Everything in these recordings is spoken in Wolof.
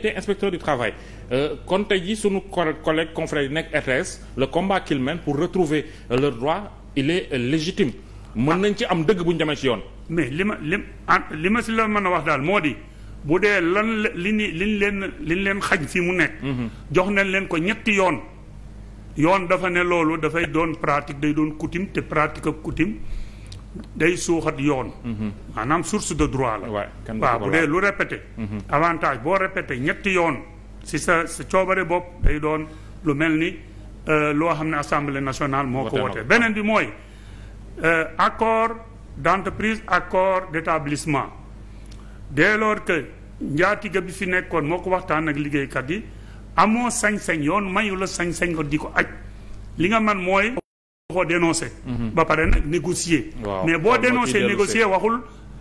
était inspecteur du travail euh, kon tey jii sunu collègue confrère yi nekk RTS le combat qu'ils pour retrouver euh, leur droit il est euh, légitime mën nañ ci am dëgg bu ñu demee ci yoon mais li ma li ah, li ma si la mën a wax daal moo di bu dee lan li ni liñ leen liñ leen xaj fi mu nekk mhm. jox nañ leen ko ñetti yoon yoon dafa ne loolu dafay doon pratique day doon coutume te pratique ak coutume day suuxat yoon. Mhm. maanaam source de droit la. waaw bu dee lu répété. Mhm. avantage boo répété ñetti yoon si sa sa coobare bopp day doon lu mel ni euh, loo xam ne assemblée nationale moo ko wote beneen bi mooy euh, accord d'entreprise accord d'établissement dès lors que njaatiga bi fi nekkoon moo ko waxtaan ak liggéeykat yi amoo sañ-sañ yoon mayu la sañ-sañ ko di ko aj li nga man mooy ko dénoncé mhm. ba pare nag négocier mais boo dénoncé négocier waxul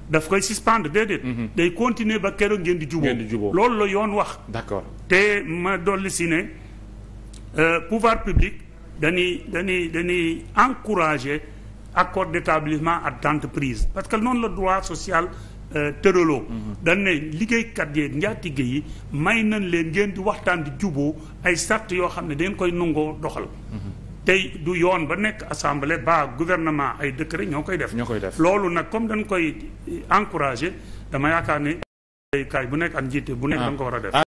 daf koy suspendre déedéet mhm. day continuer ba keroog ngeen di juboo loolu la yoon wax d'accord te ma dolli si ne euh, pouvoir public dañuy dañuy dañuy encourager accord d'établissement ak entreprise parce que noonu la droit social euh, tëraloo mhm. dañ ne liggéeykat yeeg njaatige yi may nañ leen ngeen di waxtaan di juboo ay sart yoo xam ne dangeen koy nangoo doxal tey du yoon ba nekk assemblée ba gouvernement ay décret ñoo koy def. ñoo koy def loolu nag comme dañ koy encourager dama yaakaar ni. tey kaay bu nekk ak njiite bu nekk ah. da nga ko war a def. Ah.